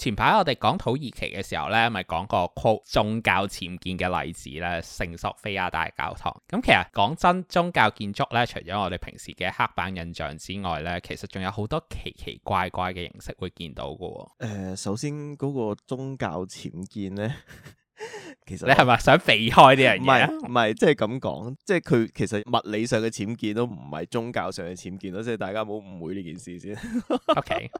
前排我哋講土耳其嘅時候呢，咪講過 quote 宗教僭建嘅例子呢，聖索菲亞大教堂。咁其實講真，宗教建築呢，除咗我哋平時嘅黑板印象之外呢，其實仲有好多奇奇怪怪嘅形式會見到嘅。誒、呃，首先嗰個宗教僭建呢。 其實你係咪想避開啲人嘢？唔係，唔係，即係咁講，即係佢其實物理上嘅僭建都唔係宗教上嘅僭建咯，即係大家唔好誤會呢件事先。 OK，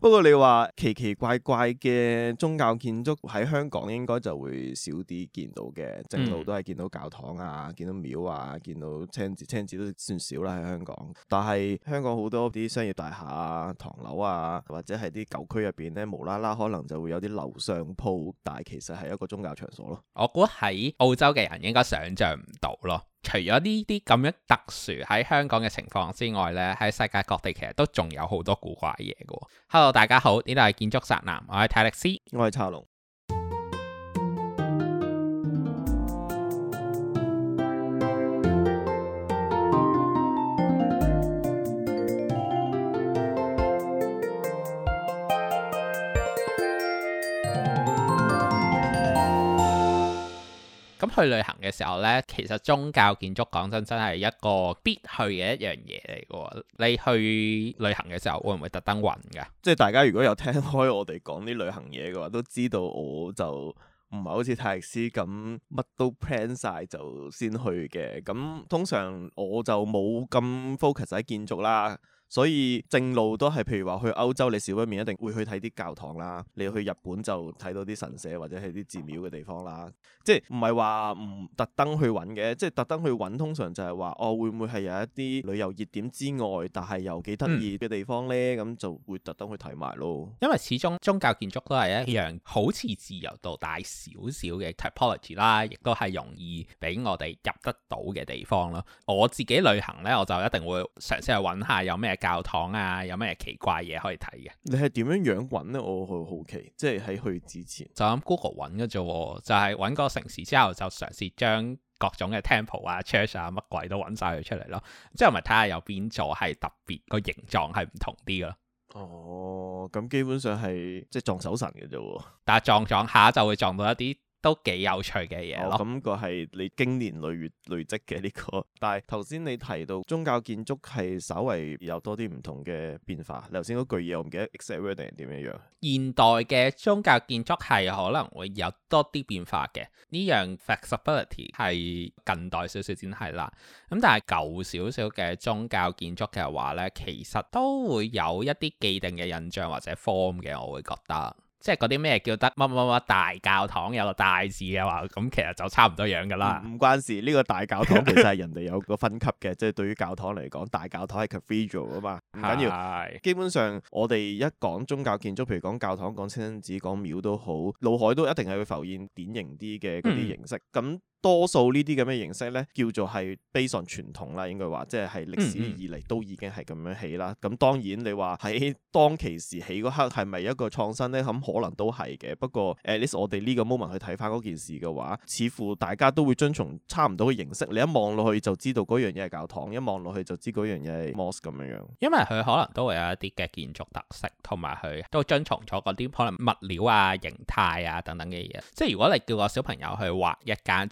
不過你話奇奇怪怪嘅宗教建築喺香港應該就會少啲見到嘅，正路都係見到教堂啊，見到廟啊，見到廟啊，見到青寺，青寺都算少啦喺香港。但係香港好多啲商業大廈啊、唐樓啊，或者係啲舊區入邊咧，無啦啦可能就會有啲樓上鋪，但係其實係一個宗教我估喺澳洲嘅人應該想象唔到咯。除咗呢啲咁樣特殊喺香港嘅情況之外呢，喺世界各地其實都仲有好多古怪嘢嘅。Hello，大家好，呢度係建築宅男，我係泰力斯，我係查龍。咁去旅行嘅時候呢，其實宗教建築講真真係一個必去嘅一樣嘢嚟嘅。你去旅行嘅時候，會唔會特登揾㗎？即係大家如果有聽開我哋講啲旅行嘢嘅話，都知道我就唔係好似泰迪斯咁乜都 plan 晒就先去嘅。咁通常我就冇咁 focus 喺建築啦。所以正路都係，譬如話去歐洲，你少不免一定會去睇啲教堂啦；你去日本就睇到啲神社或者係啲寺廟嘅地方啦。即係唔係話唔特登去揾嘅？即係特登去揾，通常就係話哦，會唔會係有一啲旅遊熱點之外，但係又幾得意嘅地方呢？嗯，咁就會特登去睇埋咯。因為始終宗教建築都係一樣好似自由度大少少嘅 typology 啦，亦都係容易俾我哋入得到嘅地方咯。我自己旅行呢，我就一定會嘗試去揾下有咩。教堂啊，有咩奇怪嘢，可以睇嘅？你係點樣樣揾咧？我好好奇，即係喺去之前就喺 Google 揾嘅啫，就係揾個城市之後就嘗試將各種嘅 temple 啊、church 啊乜鬼都揾晒佢出嚟咯，之後咪睇下有邊座係特別個形狀係唔同啲咯。哦，咁基本上係即係撞手神嘅啫，但係撞撞下就會撞到一啲。都幾有趣嘅嘢咯，咁個係你經年累月累積嘅呢個。但係頭先你提到宗教建築係稍為有多啲唔同嘅變化。你頭先嗰句嘢我唔記得，exactly 係點樣？現代嘅宗教建築係可能會有多啲變化嘅。呢樣 flexibility 係近代少少先係啦。咁但係舊少少嘅宗教建築嘅話咧，其實都會有一啲既定嘅印象或者 form 嘅，我會覺得。即係嗰啲咩叫得乜乜乜大教堂有個大字嘅話，咁其實就差唔多樣噶啦。唔關事，呢、這個大教堂其實係人哋有個分級嘅， 即係對於教堂嚟講，大教堂係 cathedral 啊嘛，唔緊要。是基本上我哋一講宗教建築，譬如講教堂、講清真寺、講廟都好，腦海都一定係會浮現典型啲嘅嗰啲形式。咁、嗯多數呢啲咁嘅形式咧，叫做係非常傳統啦，應該話，即係係歷史以嚟都已經係咁樣起啦。咁、嗯、當然你話喺當其時起嗰刻係咪一個創新咧？咁可能都係嘅。不過 At least 我哋呢個 moment 去睇翻嗰件事嘅話，似乎大家都會遵從差唔多嘅形式。你一望落去就知道嗰樣嘢係教堂，一望落去就知嗰樣嘢係 mosque 咁樣樣。因為佢可能都會有一啲嘅建築特色，同埋佢都遵從咗嗰啲可能物料啊、形態啊等等嘅嘢。即係如果你叫個小朋友去畫一間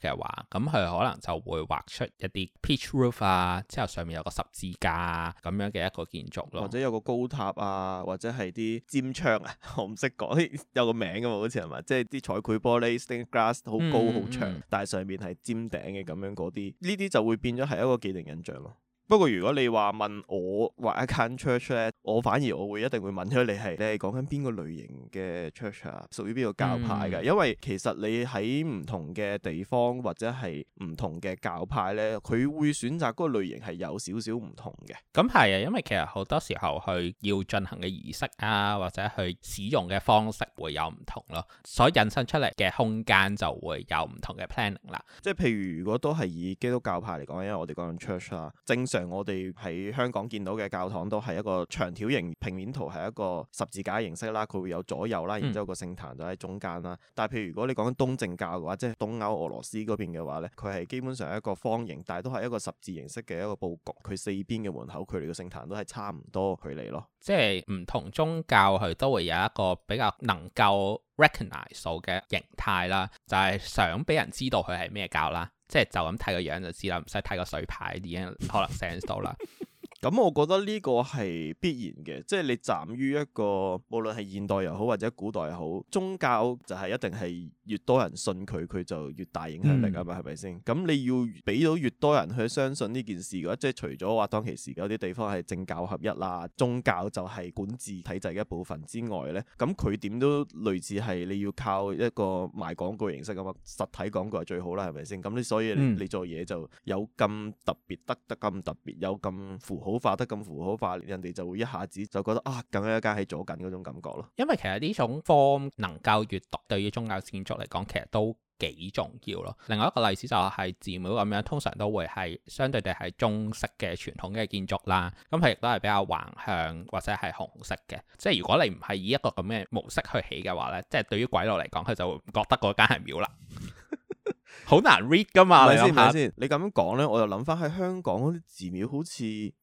嘅話，咁佢可能就會畫出一啲 pitch roof 啊，之後上面有個十字架咁、啊、樣嘅一個建築咯，或者有個高塔啊，或者係啲尖窗啊，我唔識講， 有個名噶嘛、啊，好似係咪？即係啲彩繪玻璃 （stained glass） 好高好、嗯、長，但係上面係尖頂嘅咁樣嗰啲，呢啲就會變咗係一個既定印象咯。不過如果你話問我畫一間 church 咧，我反而我會一定會問咗你係你係講緊邊個類型嘅 church 啊，屬於邊個教派嘅？因為其實你喺唔同嘅地方或者係唔同嘅教派咧，佢會選擇嗰個類型係有少少唔同嘅。咁係啊，嗯嗯嗯嗯嗯、因為其實好多時候去要進行嘅儀式啊，或者去使用嘅方式會有唔同咯，所引申出嚟嘅空間就會有唔同嘅 planning 啦。即係譬如如果都係以基督教派嚟講，因為我哋講緊 church 啦，正常。我哋喺香港見到嘅教堂都係一個長條形平面圖，係一個十字架形式啦。佢會有左右啦，然之後個聖壇就喺中間啦。但係譬如如果你講東正教嘅話，即係東歐俄羅斯嗰邊嘅話咧，佢係基本上一個方形，但係都係一個十字形式嘅一個佈局。佢四邊嘅門口佢哋個聖壇都係差唔多距離咯。即係唔同宗教佢都會有一個比較能夠 recognise 到嘅形態啦，就係、是、想俾人知道佢係咩教啦。即係就咁睇個樣,樣就知啦，唔使睇個水牌已經可能 sense 到啦。 咁我覺得呢個係必然嘅，即係你站於一個無論係現代又好或者古代又好，宗教就係一定係越多人信佢，佢就越大影響力啊嘛，係咪先？咁你要俾到越多人去相信呢件事嘅話，即係除咗話當其時有啲地方係政教合一啦，宗教就係管治體制一部分之外咧，咁佢點都類似係你要靠一個賣廣告形式嘅嘛，實體廣告係最好啦，係咪先？咁你所以你，你做嘢就有咁特別得得咁特別有咁符號。好化得咁符號化，人哋就會一下子就覺得啊，咁樣一間係做緊嗰種感覺咯。因為其實呢種 form 能夠閱讀，對於宗教建築嚟講，其實都幾重要咯。另外一個例子就係、係、寺廟咁樣，通常都會係相對地係中式嘅傳統嘅建築啦。咁佢亦都係比較橫向或者係紅色嘅。即係如果你唔係以一個咁嘅模式去起嘅話咧，即係對於鬼佬嚟講，佢就會唔覺得嗰間係廟啦。好 難 read 噶嘛？係咪先？你咁樣講咧，我就諗翻喺香港啲寺廟好似。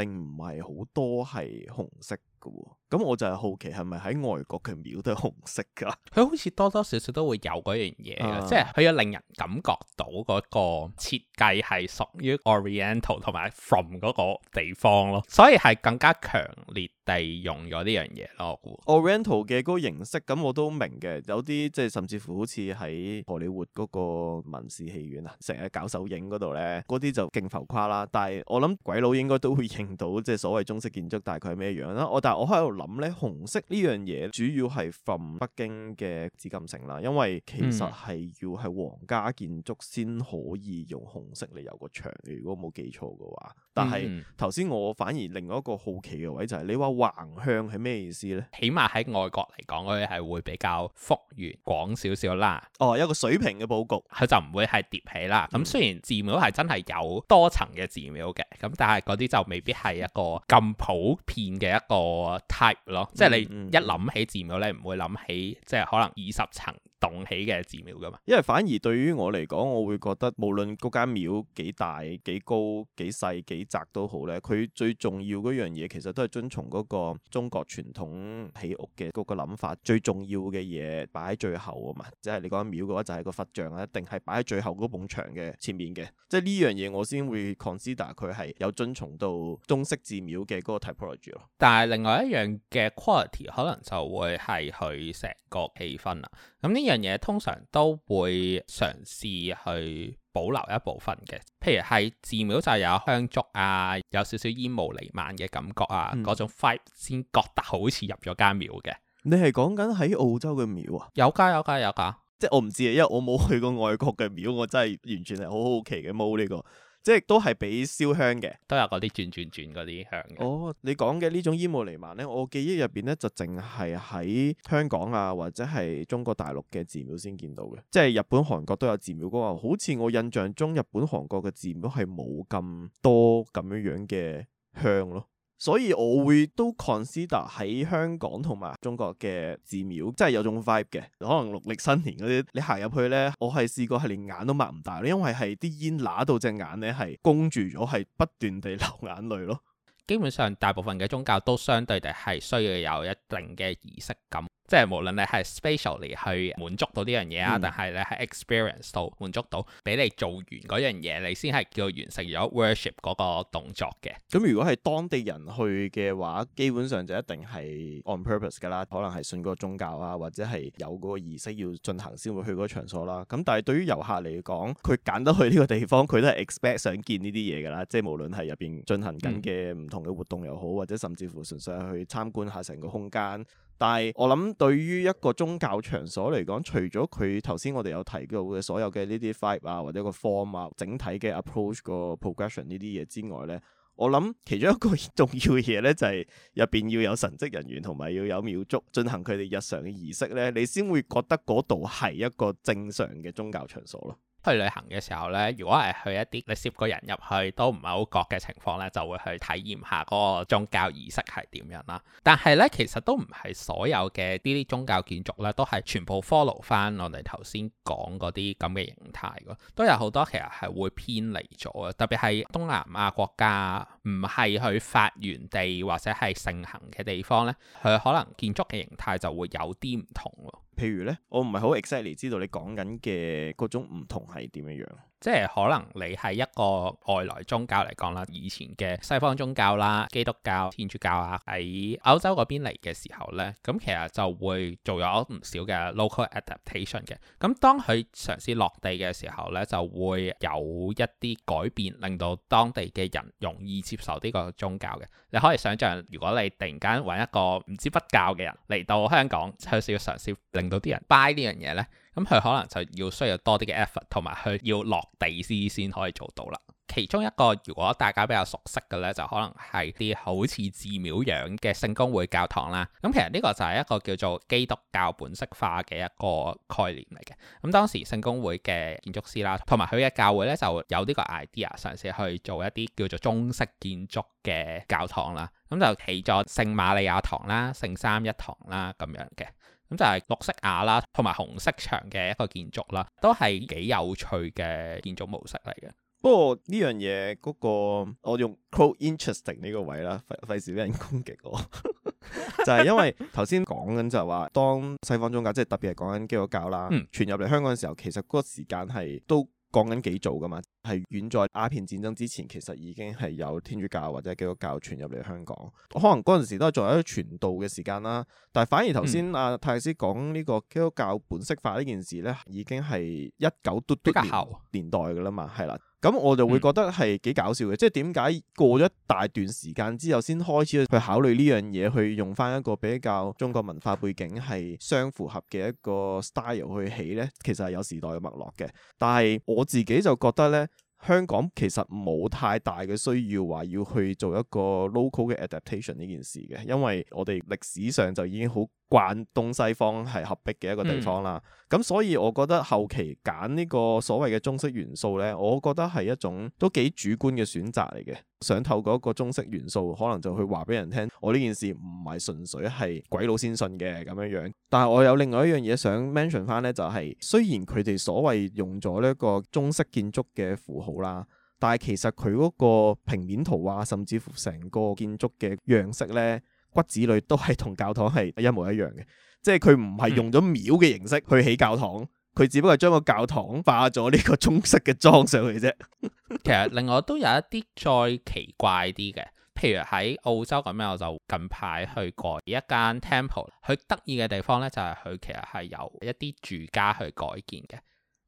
並唔係好多係紅色噶。咁我就係好奇係咪喺外國嘅廟都係紅色㗎？佢好似多多少少都會有嗰樣嘢，即係佢有令人感覺到嗰個設計係屬於 Oriental 同埋 From 嗰個地方咯，所以係更加強烈地用咗呢樣嘢咯。Oriental 嘅嗰個形式，咁我都明嘅。有啲即係甚至乎好似喺荷里活嗰個文事戲院啊，成日搞首映嗰度咧，嗰啲就勁浮誇啦。但係我諗鬼佬應該都會認到，即係所謂中式建築大概係咩樣啦。哦、但我但係我喺度諗咧，紅色呢樣嘢主要係仿北京嘅紫禁城啦，因為其實係要係皇家建築先可以用紅色嚟髹個牆。如果冇記錯嘅話。但係頭先我反而另外一個好奇嘅位就係、是，你話橫向係咩意思呢？起碼喺外國嚟講，佢係會比較幅員廣少少啦。哦，一個水平嘅佈局，佢就唔會係疊起啦。咁、嗯、雖然寺廟係真係有多層嘅寺廟嘅，咁但係嗰啲就未必係一個咁普遍嘅一個 type 咯。即係、嗯嗯、你一諗起寺廟你唔會諗起即係、就是，可能二十層棟起嘅寺廟噶嘛，因為反而對於我嚟講，我會覺得無論嗰間廟幾大、幾高、幾細、幾窄都好咧，佢最重要嗰樣嘢其實都係遵從嗰個中國傳統起屋嘅嗰個諗法，最重要嘅嘢擺喺最後啊嘛，即係你講廟嘅話就係個佛像一定係擺喺最後嗰埲牆嘅前面嘅，即係呢樣嘢我先會 consider 佢係有遵從到中式寺廟嘅嗰個 typology 咯。但係另外一樣嘅 quality 可能就會係佢成個氣氛啊。咁呢樣嘢通常都會嘗試去保留一部分嘅，譬如係寺廟就有香燭啊，有少少煙霧瀰漫嘅感覺啊，嗰、嗯、種 feel 先覺得好似入咗間廟嘅。你係講緊喺澳洲嘅廟啊？有㗎有㗎有㗎！即係我唔知啊，因為我冇去過外國嘅廟，我真係完全係好好奇嘅。冇呢個。即係都係俾燒香嘅，都有嗰啲轉轉轉嗰啲香嘅。哦，你講嘅呢種煙霧瀰漫咧，我記憶入邊咧就淨係喺香港啊或者係中國大陸嘅寺廟先見到嘅。即係日本、韓國都有寺廟嗰個，好似我印象中日本、韓國嘅寺廟係冇咁多咁樣樣嘅香咯。所以我會都 consider 喺香港同埋中國嘅寺廟，即係有種 vibe 嘅，可能農曆新年嗰啲，你行入去咧，我係試過係連眼都擘唔大，因為係啲煙乸到隻眼咧係供住咗，係不斷地流眼淚咯。基本上大部分嘅宗教都相對地係需要有一定嘅儀式感。即係無論你係 special 嚟去滿足到呢樣嘢啊，嗯、但係你係 experience 到滿足到，俾你做完嗰樣嘢，你先係叫做完成咗 worship 嗰個動作嘅。咁、嗯、如果係當地人去嘅話，基本上就一定係 on purpose 噶啦，可能係信嗰個宗教啊，或者係有嗰個儀式要進行先會去嗰個場所啦。咁但係對於遊客嚟講，佢揀得去呢個地方，佢都係 expect 想見呢啲嘢噶啦。即係無論係入邊進行緊嘅唔同嘅活動又好，嗯、或者甚至乎純粹去參觀下成個空間。但係我諗對於一個宗教場所嚟講，除咗佢頭先我哋有提到嘅所有嘅呢啲 vibe 啊，或者個 form 啊，整體嘅 approach 個 progression 呢啲嘢之外咧，我諗其中一個重要嘅嘢咧就係、是、入邊要有神職人員同埋要有廟祝進行佢哋日常嘅儀式咧，你先會覺得嗰度係一個正常嘅宗教場所咯。去旅行嘅時候呢，如果係去一啲你攝個人入去都唔係好焗嘅情況呢，就會去體驗下嗰個宗教儀式係點樣啦。但係呢，其實都唔係所有嘅啲宗教建築呢，都係全部 follow 翻我哋頭先講嗰啲咁嘅形態嘅，都有好多其實係會偏離咗嘅，特別係東南亞國家。唔係去發源地或者係盛行嘅地方咧，佢可能建築嘅形態就會有啲唔同。譬如呢，我唔係好 exactly 知道你講緊嘅各種唔同係點樣樣。即係可能你係一個外來宗教嚟講啦，以前嘅西方宗教啦，基督教、天主教啊，喺歐洲嗰邊嚟嘅時候呢，咁其實就會做咗唔少嘅 local adaptation 嘅。咁當佢嘗試落地嘅時候呢，就會有一啲改變，令到當地嘅人容易接受呢個宗教嘅。你可以想象，如果你突然間揾一個唔知不教嘅人嚟到香港，佢、就、需、是、要嘗試令到啲人 buy 呢樣嘢呢？咁佢可能就要需要多啲嘅 effort，同埋佢要落地師先可以做到啦。其中一個如果大家比較熟悉嘅咧，就可能係啲好似寺廟樣嘅聖公會教堂啦。咁其實呢個就係一個叫做基督教本色化嘅一個概念嚟嘅。咁當時聖公會嘅建築師啦，同埋佢嘅教會咧，就有呢個 idea 嘗試，去做一啲叫做中式建築嘅教堂啦。咁就起咗聖瑪利亞堂啦、聖三一堂啦咁樣嘅。咁就係綠色瓦啦，同埋紅色牆嘅一個建築啦，都係幾有趣嘅建築模式嚟嘅。不過呢樣嘢嗰個、那個、我用 quote interesting 呢個位啦，費費事俾人攻擊我。 就係因為頭先講緊就係話，當西方宗教即係特別係講緊基督教啦，傳入嚟香港嘅時候，其實嗰個時間係都講緊幾早㗎嘛。係遠在鴉片戰爭之前，其實已經係有天主教或者基督教傳入嚟香港。可能嗰陣時都係仲喺度傳道嘅時間啦。但係反而頭先阿泰師講呢個基督教本色化呢件事咧，已經係一九嘟嘟年代㗎啦嘛，係啦。咁我就會覺得係幾搞笑嘅，嗯、即係點解過咗一大段時間之後，先開始去考慮呢樣嘢，去用翻一個比較中國文化背景係相符合嘅一個 style 去起咧？其實係有時代嘅脈絡嘅。但係我自己就覺得咧。香港其實冇太大嘅需要話要去做一個 local 嘅 adaptation 呢件事嘅，因為我哋歷史上就已經好慣東西方係合璧嘅一個地方啦，咁、嗯、所以我覺得後期揀呢個所謂嘅中式元素呢，我覺得係一種都幾主觀嘅選擇嚟嘅。想透過一個中式元素，可能就去話俾人聽，我呢件事唔係純粹係鬼佬先信嘅咁樣樣。但係我有另外一樣嘢想 mention 翻呢，就係、是、雖然佢哋所謂用咗呢一個中式建築嘅符號啦，但係其實佢嗰個平面圖啊，甚至乎成個建築嘅樣式呢。骨子裏都係同教堂係一模一樣嘅，即係佢唔係用咗廟嘅形式去起教堂，佢只不過係將個教堂化咗呢個中式嘅裝上去啫。 其實另外都有一啲再奇怪啲嘅，譬如喺澳洲咁樣，我就近排去過一間 temple，佢得意嘅地方咧就係佢其實係由一啲住家去改建嘅，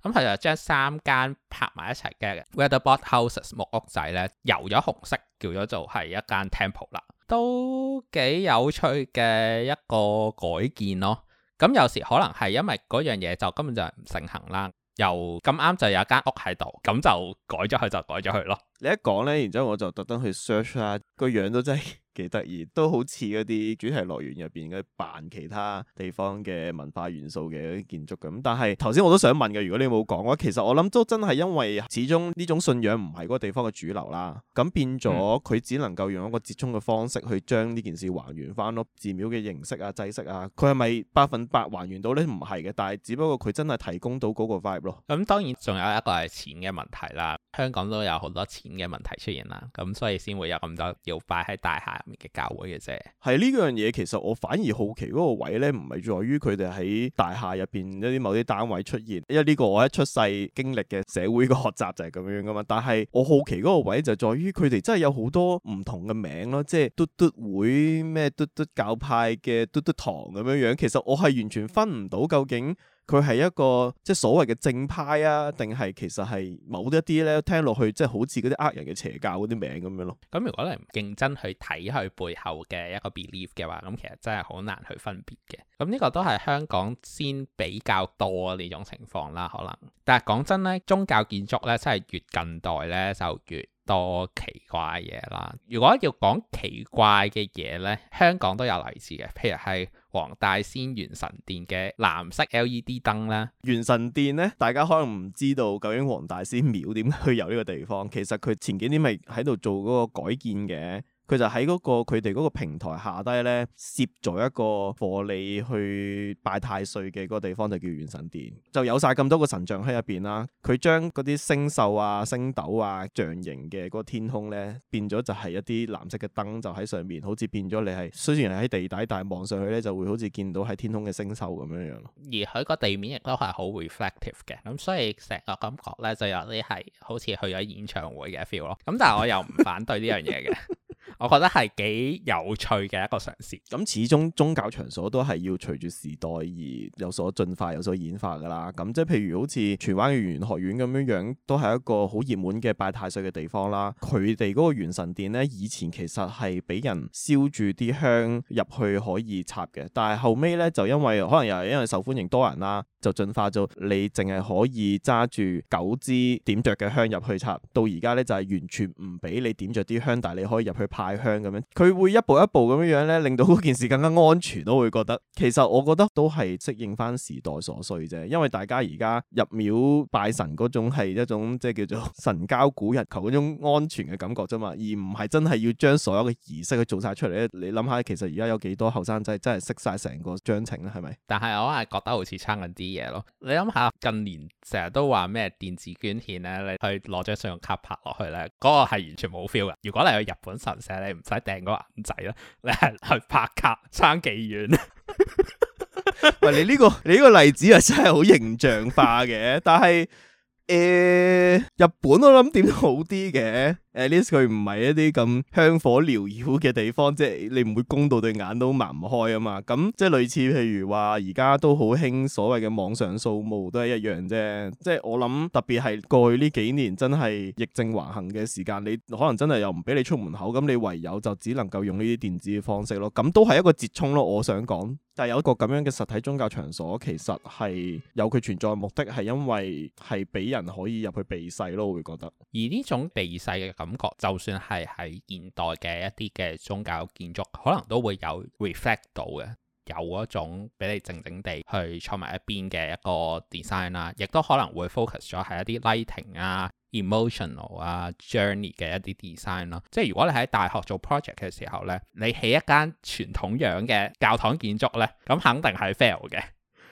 咁佢就將三間拍埋一齊嘅 weatherboard houses 木屋仔咧油咗紅色，叫咗做係一間 temple 啦。都幾有趣嘅一個改建咯，咁有時可能係因為嗰樣嘢就根本就係唔成行啦，又咁啱就有一間屋喺度，咁就改咗佢就改咗佢咯。你一講呢，然之後我就特登去 search 下，啊，個樣都真係。幾得意，都好似嗰啲主題樂園入邊嘅扮其他地方嘅文化元素嘅建築咁。但係頭先我都想問嘅，如果你冇講嘅話，其實我諗都真係因為始終呢種信仰唔係嗰個地方嘅主流啦，咁變咗佢只能夠用一個折衷嘅方式去將呢件事還原翻咯，寺廟嘅形式啊、制式啊，佢係咪百分百還原到呢？唔係嘅，但係只不過佢真係提供到嗰個 vibe 咯。咁當然仲有一個係錢嘅問題啦，香港都有好多錢嘅問題出現啦，咁所以先會有咁多要擺喺大廈嘅教會嘅啫，係呢樣嘢，其實我反而好奇嗰個位咧，唔係在於佢哋喺大廈入邊一啲某啲單位出現，因為呢個我一出世經歷嘅社會嘅學習就係咁樣噶嘛。但係我好奇嗰個位，就在於佢哋真係有好多唔同嘅名咯，即係嘟嘟會咩嘟嘟教派嘅嘟嘟堂咁樣樣。其實我係完全分唔到究竟。佢係一個即係所謂嘅正派啊，定係其實係某一啲咧聽落去即係好似嗰啲呃人嘅邪教嗰啲名咁樣咯。咁如果你唔認真去睇佢背後嘅一個 belief 嘅話，咁其實真係好難去分別嘅。咁呢個都係香港先比較多呢種情況啦，可能。但係講真咧，宗教建築咧真係越近代咧就越多奇怪嘢啦！如果要講奇怪嘅嘢咧，香港都有例子嘅，譬如係黃大仙元神殿嘅藍色 LED 燈啦。元神殿咧，大家可能唔知道究竟黃大仙廟點去有呢個地方，其實佢前幾年咪喺度做嗰個改建嘅。佢就喺嗰個佢哋嗰個平台下低咧攝咗一個俾你去拜太歲嘅個地方，就叫元神殿，就有晒咁多個神像喺入邊啦。佢將嗰啲星宿啊、星斗啊、象形嘅嗰個天空咧，變咗就係一啲藍色嘅燈，就喺上面，好似變咗你係雖然係喺地底，但係望上去咧就會好似見到係天空嘅星宿咁樣樣咯。而佢個地面亦都係好 reflective 嘅，咁所以成個感覺咧就有啲係好似去咗演唱會嘅 feel 咯。咁但係我又唔反對呢樣嘢嘅。我覺得係幾有趣嘅一個嘗試。咁始終宗教場所都係要隨住時代而有所進化、有所演化㗎啦。咁即係譬如好似荃灣嘅圓玄學院咁樣樣，都係一個好熱門嘅拜太歲嘅地方啦。佢哋嗰個元神殿咧，以前其實係俾人燒住啲香入去可以插嘅，但係後尾咧就因為可能又係因為受歡迎多人啦，就進化做你淨係可以揸住九支點着嘅香入去插。到而家咧就係、是、完全唔俾你點着啲香，但係你可以入去派。香咁樣，佢會一步一步咁樣樣咧，令到件事更加安全，都會覺得，其實我覺得都係適應翻時代所需啫。因為大家而家入廟拜神嗰種係一種即係叫做神交古日求嗰種安全嘅感覺啫嘛，而唔係真係要將所有嘅儀式去做晒出嚟咧。你諗下，其實而家有幾多後生仔真係識晒成個章程咧？係咪？但係我係覺得好似差緊啲嘢咯。你諗下，近年成日都話咩電子捐獻咧，你去攞張信用卡拍落去咧，嗰個係完全冇 feel 嘅。如果你去日本神社，你唔使掟個銀仔啦，你係去拍卡爭幾遠？喂，你呢個你呢個例子啊，真係好形象化嘅。但係誒、呃，日本我諗點都好啲嘅？at least 佢唔係一啲咁香火繚繞嘅地方，即係你唔會供到對眼都盲唔開啊嘛。咁即係類似，譬如話而家都好興所謂嘅網上掃墓，都係一樣啫。即係我諗，特別係過去呢幾年真係疫症橫行嘅時間，你可能真係又唔俾你出門口，咁你唯有就只能夠用呢啲電子嘅方式咯。咁都係一個折衷咯。我想講，但係有一個咁樣嘅實體宗教場所，其實係有佢存在嘅目的，係因為係俾人可以入去避世咯。我會覺得，而呢種避世嘅。感覺就算係喺現代嘅一啲嘅宗教建築，可能都會有 reflect 到嘅，有一種俾你靜靜地去坐埋一邊嘅一個 design 啦，亦都可能會 focus 咗係一啲 lighting 啊、emotional 啊、journey 嘅一啲 design 咯。即係如果你喺大學做 project 嘅時候呢，你起一間傳統樣嘅教堂建築、嗯、呢，咁肯定係 fail 嘅。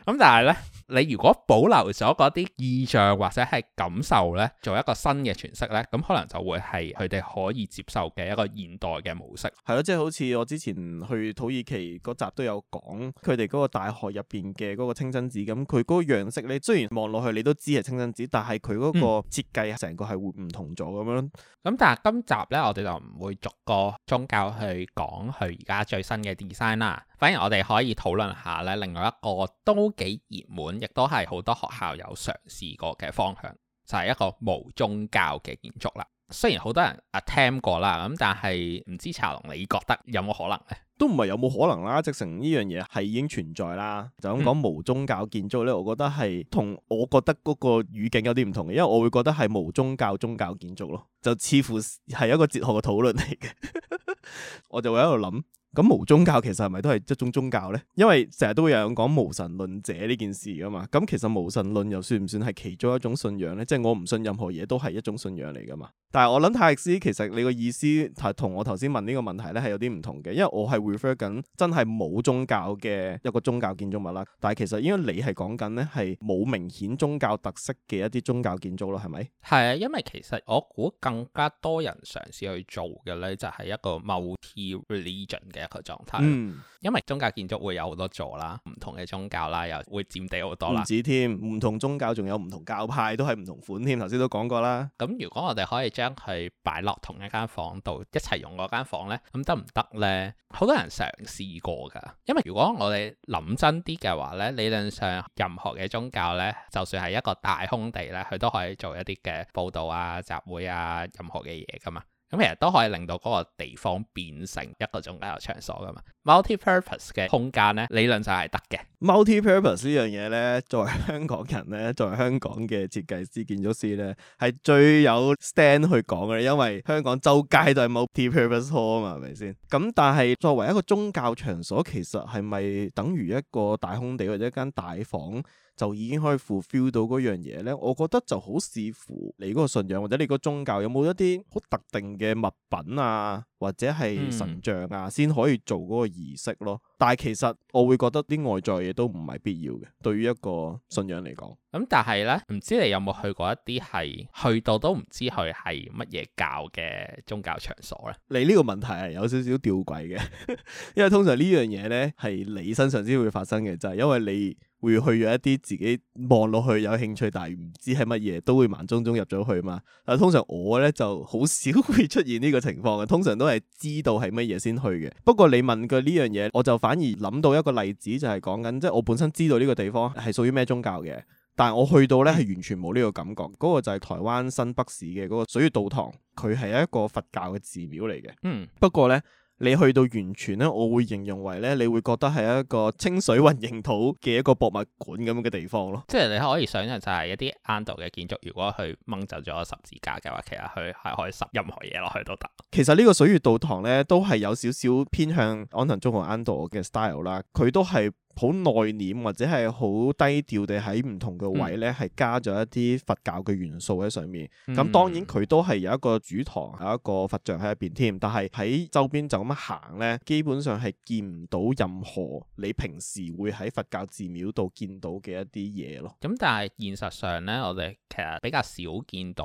咁但係呢。你如果保留咗嗰啲意象或者係感受咧，做一個新嘅詮釋咧，咁可能就會係佢哋可以接受嘅一個現代嘅模式。係咯，即係好似我之前去土耳其嗰集都有講，佢哋嗰個大學入邊嘅嗰個清真寺咁，佢嗰個樣式你雖然望落去你都知係清真寺，但係佢嗰個設計成個係會唔同咗咁、嗯、樣。咁但係今集咧，我哋就唔會逐個宗教去講佢而家最新嘅 design 啦，反而我哋可以討論下咧，另外一個都幾熱門。亦都係好多學校有嘗試過嘅方向，就係一個無宗教嘅建築啦。雖然好多人啊聽過啦，咁但係唔知茶龍你覺得有冇可能呢？都唔係有冇可能啦，直成呢樣嘢係已經存在啦。就咁講無宗教建築呢，我覺得係同我覺得嗰個語境有啲唔同嘅，因為我會覺得係無宗教宗教建築咯，就似乎係一個哲學嘅討論嚟嘅。 我就會喺度諗。咁無宗教其實係咪都係一種宗教咧？因為成日都會有人講無神論者呢件事噶嘛。咁其實無神論又算唔算係其中一種信仰咧？即係我唔信任何嘢都係一種信仰嚟噶嘛。但係我諗泰迪斯其實你個意思同我頭先問呢個問題咧係有啲唔同嘅，因為我係 refer 緊真係冇宗教嘅一個宗教建築物啦。但係其實應該你係講緊咧係冇明顯宗教特色嘅一啲宗教建築咯，係咪？係啊，因為其實我估更加多人嘗試去做嘅咧就係一個 multi religion 嘅。一個狀態，嗯、因為宗教建築會有好多座啦，唔同嘅宗教啦，又會佔地好多啦，唔止添，唔同宗教仲有唔同教派都係唔同款添。頭先都講過啦，咁、嗯、如果我哋可以將佢擺落同一間房度，一齊用嗰間房呢，咁得唔得呢？好多人嘗試，試過噶，因為如果我哋諗真啲嘅話呢，理論上任何嘅宗教呢，就算係一個大空地呢，佢都可以做一啲嘅報道啊、集會啊、任何嘅嘢噶嘛。咁其實都可以令到嗰個地方變成一個宗教場所噶嘛，multi-purpose 嘅空間咧，理論上係得嘅。multi-purpose 呢樣嘢咧，作為香港人咧，作為香港嘅設計師、建築師咧，係最有 stand 去講嘅，因為香港周街都係 multi-purpose hall 啊嘛，係咪先？咁但係作為一個宗教場所，其實係咪等於一個大空地或者一間大房？就已經可以 f u l l 到嗰樣嘢咧，我覺得就好視乎你嗰個信仰或者你嗰宗教有冇一啲好特定嘅物品啊，或者係神像啊，先可以做嗰個儀式咯。但係其實我會覺得啲外在嘢都唔係必要嘅，對於一個信仰嚟講。咁、嗯、但係咧，唔知你有冇去過一啲係去到都唔知佢係乜嘢教嘅宗教場所咧？你呢個問題係有少少吊軌嘅， 因為通常呢樣嘢咧係你身上先會發生嘅，就係、是、因為你。會去咗一啲自己望落去有興趣，但係唔知係乜嘢，都會盲中中入咗去嘛。但通常我呢就好少會出現呢個情況嘅，通常都係知道係乜嘢先去嘅。不過你問佢呢樣嘢，我就反而諗到一個例子、就係，就係講緊即係我本身知道呢個地方係屬於咩宗教嘅，但係我去到呢係完全冇呢個感覺。嗰、嗯、個就係台灣新北市嘅嗰個水月道堂，佢係一個佛教嘅寺廟嚟嘅。嗯，不過呢。你去到完全咧，我會形容為咧，你會覺得係一個清水混凝土嘅一個博物館咁嘅地方咯。即係你可以想象就係一啲 Ando 嘅建築，如果佢掹走咗十字架嘅話，其實佢係可以塞任何嘢落去都得。其實呢個水月道堂咧，都係有少少偏向安藤忠雄 Ando 嘅 style 啦，佢都係。好內斂或者係好低調地喺唔同嘅位咧，係加咗一啲佛教嘅元素喺上面。咁當然佢都係有一個主堂，有一個佛像喺入邊添。但係喺周邊就咁行咧，基本上係見唔到任何你平時會喺佛教寺廟度見到嘅一啲嘢咯。咁、嗯、但係現實上咧，我哋其實比較少見到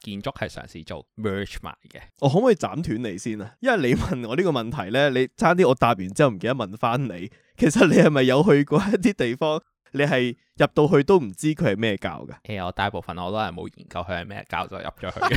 建築係嘗試做 merge 埋嘅。我可唔可以斬斷你先啊？因為你問我呢個問題咧，你差啲我答完之後唔記得問翻你。其實你係咪有去過一啲地方？你係入到去都唔知佢係咩教㗎？誒，我大部分我都係冇研究佢係咩教就入咗去。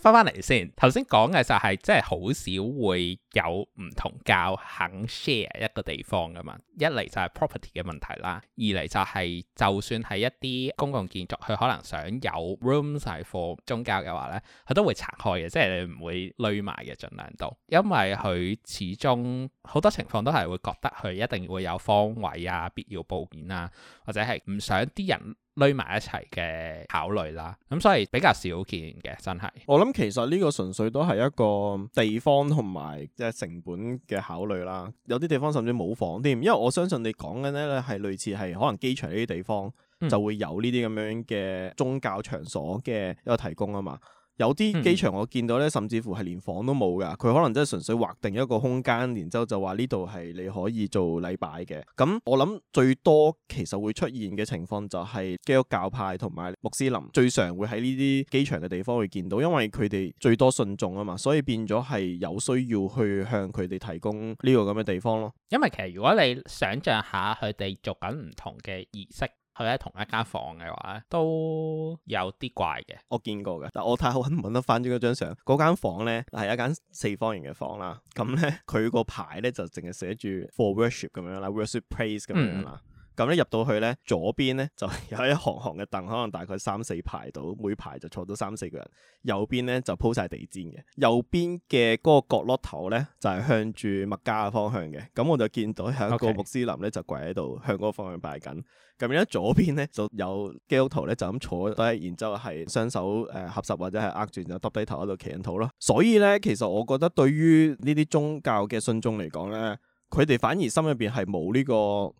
翻翻嚟先，頭先講嘅就係、是，即係好少會有唔同教肯 share 一個地方噶嘛。一嚟就係 property 嘅問題啦，二嚟就係、是、就算係一啲公共建築，佢可能想有 rooms 係 for 宗教嘅話呢，佢都會拆開嘅，即係你唔會累埋嘅，盡量度，因為佢始終好多情況都係會覺得佢一定會有方位啊、必要部件啊，或者係唔想啲人。堆埋一齊嘅考慮啦，咁所以比較少見嘅，真係。我諗其實呢個純粹都係一個地方同埋即係成本嘅考慮啦。有啲地方甚至冇房添，因為我相信你講緊呢係類似係可能機場呢啲地方就會有呢啲咁樣嘅宗教場所嘅一個提供啊嘛。有啲機場我見到咧，甚至乎係連房都冇㗎。佢可能真係純粹劃定一個空間，然之後就話呢度係你可以做禮拜嘅。咁我諗最多其實會出現嘅情況就係基督教派同埋穆斯林最常會喺呢啲機場嘅地方會見到，因為佢哋最多信眾啊嘛，所以變咗係有需要去向佢哋提供呢個咁嘅地方咯。因為其實如果你想像下佢哋做緊唔同嘅儀式，去喺同一間房嘅話，都有啲怪嘅。我見過嘅，但我太好揾唔揾得翻咗嗰張相。嗰間房咧係一間四方形嘅房啦。咁咧佢個牌咧就淨係寫住 For Worship 咁樣啦，Worship, Praise 咁樣啦。嗯咁咧入到去咧，左邊咧就有一行行嘅凳，可能大概三四排到，每排就坐到三四個人。右邊咧就鋪晒地氈嘅，右邊嘅嗰個角落頭咧就係、是、向住麥加嘅方向嘅。咁我就見到係一個穆斯林咧就跪喺度，向嗰個方向拜緊。咁咧 Okay. 左邊咧就有基督徒咧就咁坐低，然之後係雙手誒、呃、合十或者係握，握住，就耷低頭喺度祈緊禱咯。所以咧，其實我覺得對於呢啲宗教嘅信眾嚟講咧。佢哋反而心入邊係冇呢個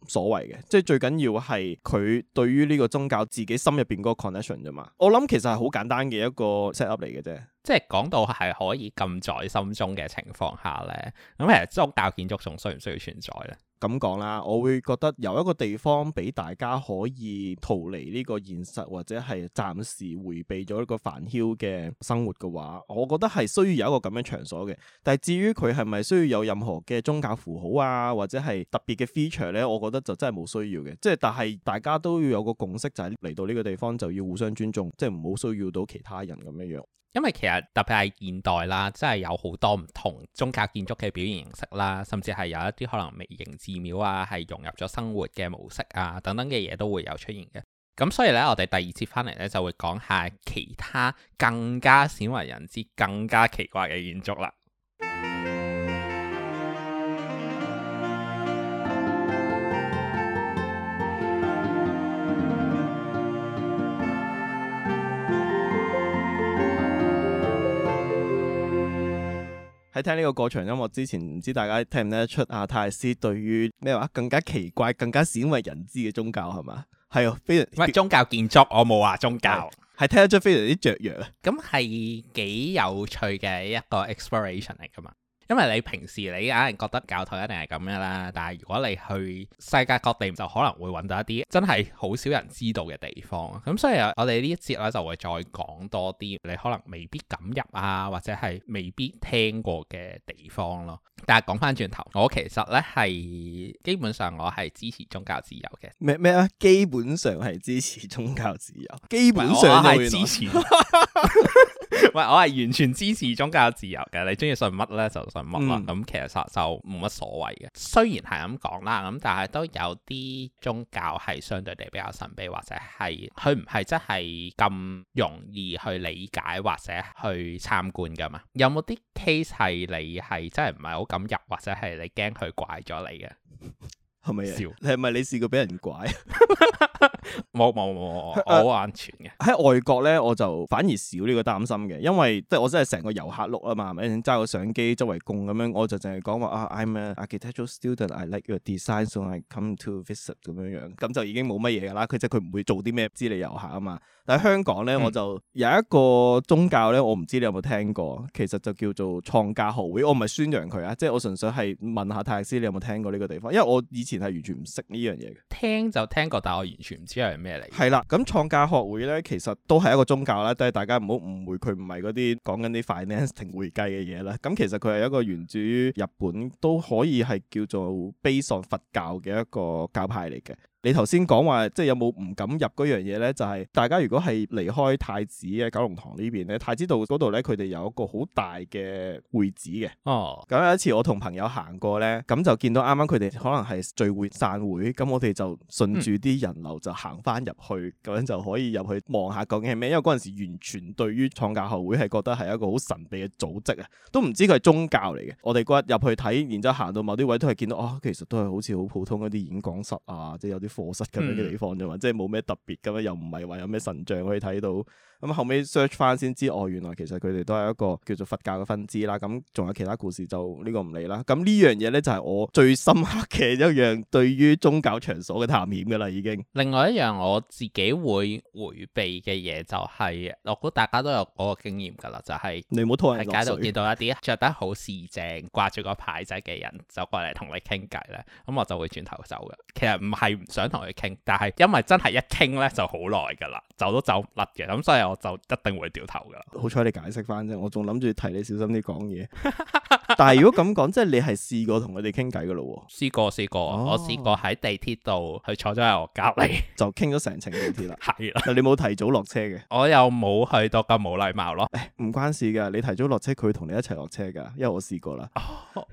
所謂嘅，即係最緊要係佢對於呢個宗教自己心入邊嗰個 connection 啫嘛。我諗其實係好簡單嘅一個 set up 嚟嘅啫。即係講到係可以咁在心中嘅情況下咧，咁其實宗教建築仲需唔需要存在咧？咁講啦，我會覺得有一個地方俾大家可以逃離呢個現實，或者係暫時迴避咗一個煩囂嘅生活嘅話，我覺得係需要有一個咁樣場所嘅。但係至於佢係咪需要有任何嘅宗教符號啊，或者係特別嘅 feature 咧，我覺得就真係冇需要嘅。即係但係大家都要有個共識，就係嚟到呢個地方就要互相尊重，即係唔好需要到其他人咁樣樣。因為其實特別係現代啦，真係有好多唔同宗教建築嘅表現形式啦，甚至係有一啲可能微型寺廟啊，係融入咗生活嘅模式啊，等等嘅嘢都會有出現嘅。咁所以呢，我哋第二節翻嚟呢，就會講下其他更加鮮為人知、更加奇怪嘅建築啦。 喺聽呢個過場音樂之前，唔知大家聽唔聽得出阿泰斯對於咩話更加奇怪、更加鮮為人知嘅宗教係嘛？係啊，非常宗教建築，我冇話宗教。係聽得出非常之雀躍。咁係幾有趣嘅一個 exploration 嚟噶嘛？因為你平時你硬係覺得教堂一定係咁樣啦，但係如果你去世界各地就可能會揾到一啲真係好少人知道嘅地方，咁所以我哋呢一節咧就會再講多啲你可能未必敢入啊，或者係未必聽過嘅地方咯。但係講翻轉頭，我其實呢係基本上我係支持宗教自由嘅。咩咩啊？基本上係支持宗教自由，基本上係支持。 喂，我係完全支持宗教自由嘅，你中意信乜咧就信乜啦，咁、嗯、其實就冇乜所謂嘅。雖然係咁講啦，咁但係都有啲宗教係相對地比較神秘，或者係佢唔係真係咁容易去理解或者去參觀噶嘛。有冇啲 case 係你係真係唔係好敢入，或者係你驚佢怪咗你嘅？係咪？你係咪你試過俾人拐？冇冇冇，我好安全嘅。喺、uh, 外國咧，我就反而少呢個擔心嘅，因為即係我真係成個遊客碌啊嘛，咁揸個相機周圍供咁樣，我就淨係講話啊，I'm an architectural student. I like your design when, so, I come to visit 咁樣樣，咁就已經冇乜嘢噶啦。佢即係佢唔會做啲咩知你遊客啊嘛。但喺香港咧，嗯、我就有一個宗教咧，我唔知你有冇聽過，其實就叫做創價學會。我唔係宣揚佢啊，即係我純粹係問下泰師你有冇聽過呢個地方，因為我以前係完全唔識呢樣嘢嘅。聽就聽過，但我完全唔知係咩嚟。係啦，咁創價學會咧，其實都係一個宗教啦，但係大家唔好誤會佢唔係嗰啲講緊啲 finance 定會計嘅嘢啦。咁其實佢係一個源自於日本，都可以係叫做悲喪佛教嘅一個教派嚟嘅。你頭先講話，即係有冇唔敢入嗰樣嘢咧？就係、是、大家如果係離開太子嘅九龍塘呢邊咧，太子道嗰度咧，佢哋有一個好大嘅會址嘅。哦、啊，咁有一次我同朋友行過咧，咁就見到啱啱佢哋可能係聚會散會，咁我哋就順住啲人流就行翻入去，咁樣就可以入去望下究竟係咩。因為嗰陣時完全對於創教學會係覺得係一個好神秘嘅組織啊，都唔知佢係宗教嚟嘅。我哋嗰日入去睇，然之後行到某啲位都係見到，哦，其實都係好似好普通一啲演講室啊，即係有啲，課室咁樣嘅地方啫嘛，嗯、即係冇咩特別咁啊，又唔係話，有咩神像可以睇到。咁後尾 search 翻先知，哦，原來其實佢哋都係一個叫做佛教嘅分支啦。咁、嗯、仲有其他故事就呢、呢個唔理啦。咁、嗯、呢樣嘢咧就係我最深刻嘅一樣對於宗教場所嘅探險㗎啦，已經。另外一樣我自己會迴避嘅嘢就係、是，我估大家都有嗰個經驗㗎啦，就係、是、你唔好喺街度見到一啲着得好時正、掛住個牌仔嘅人就過嚟同你傾偈咧，咁、嗯、我就會轉頭走嘅。其實唔係唔想同佢傾，但係因為真係一傾咧就好耐㗎啦，走都走唔甩嘅，咁、嗯、所以我就一定會掉頭噶，好彩你解釋翻啫，我仲諗住提你小心啲講嘢。 但係如果咁講，即係你係試過同佢哋傾偈噶咯？試 過，試過，哦、我試過喺地鐵度，佢坐咗喺我隔籬，就傾咗成程地鐵啦。係啦，你冇提早落車嘅， 我又冇去到咁冇禮貌咯。唔關事噶，你提早落車，佢同你一齊落車噶，因為我試過啦。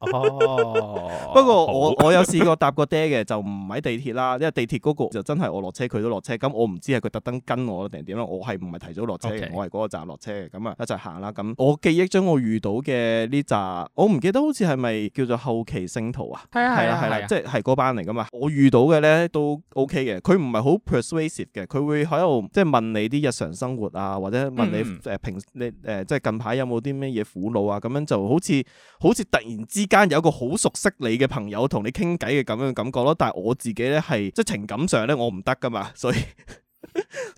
哦， oh, 不過我好 我有試過搭個爹嘅，就唔喺地鐵啦，因為地鐵嗰個就真係我落車佢都落車，咁我唔知係佢特登跟我定點樣，我係唔係提早落車嘅，Okay. 我係嗰個站落車嘅，咁啊一齊行啦。咁我記憶中我遇到嘅呢扎，我唔記得好似係咪叫做後期聖徒啊？係啊係啊，係啦、啊，即係嗰班嚟噶嘛。我遇到嘅咧都 OK 嘅，佢唔係好 persuasive 嘅，佢會喺度即係問你啲日常生活啊，或者問你誒、嗯、平你誒即係近排有冇啲咩嘢苦惱啊？咁樣就好似好似突然之間有一個好熟悉你嘅朋友同你傾偈嘅咁樣嘅感覺咯，但係我自己咧係即係情感上咧我唔得噶嘛，所以。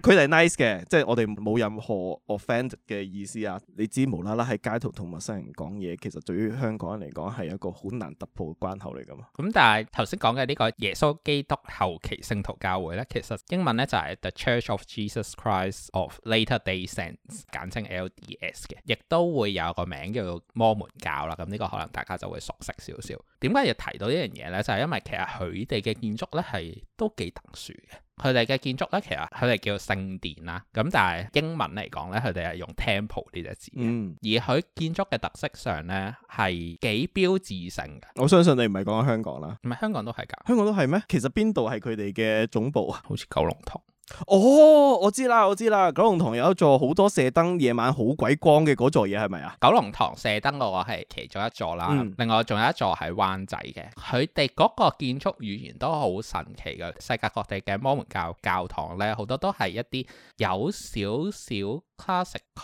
佢哋 nice 嘅，即係我哋冇任何 offend 嘅意思啊！你知無啦啦喺街頭同陌生人講嘢，其實對於香港人嚟講係一個好難突破嘅關口嚟噶嘛。咁、嗯、但係頭先講嘅呢個耶穌基督後期聖徒教會呢，其實英文呢就係 The Church of Jesus Christ of Latter-day Saints，簡稱 LDS 嘅，亦都會有個名叫做摩門教啦。咁呢個可能大家就會熟悉少少。點解要提到呢樣嘢呢？就係、是、因為其實佢哋嘅建築呢，係都幾特殊嘅。佢哋嘅建築咧，其實佢哋叫聖殿啦，咁但係英文嚟講咧，佢哋係用 temple 呢隻字嘅。嗯、而佢建築嘅特色上咧，係幾標誌性嘅。我相信你唔係講緊香港啦，唔係香港都係㗎，香港都係咩？其實邊度係佢哋嘅總部啊？好似九龍塘。哦，我知啦，我知啦，九龍塘有一座好多射燈，夜晚好鬼光嘅嗰座嘢，係咪啊？九龍塘射燈嘅話係其中一座啦，嗯、另外仲有一座喺灣仔嘅，佢哋嗰個建築語言都好神奇嘅。世界各地嘅摩門教教堂咧，好多都係一啲有少少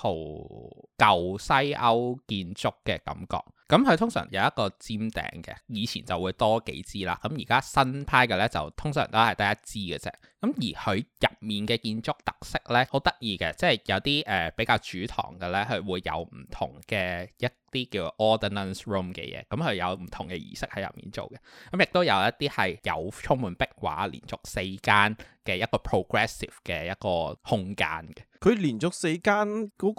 classical 舊西歐建築嘅感覺。咁佢通常有一個尖頂嘅，以前就會多幾支啦。咁而家新派嘅咧，就通常都係得一支嘅啫。咁而佢入面嘅建築特色咧，好得意嘅，即係有啲誒、呃、比較主堂嘅咧，佢會有唔同嘅一啲叫 ordinance room 嘅嘢，咁佢有唔同嘅儀式喺入面做嘅，咁亦都有一啲係有充滿壁畫，連續四間嘅一個 progressive 嘅一個空間嘅。佢連續四間嗰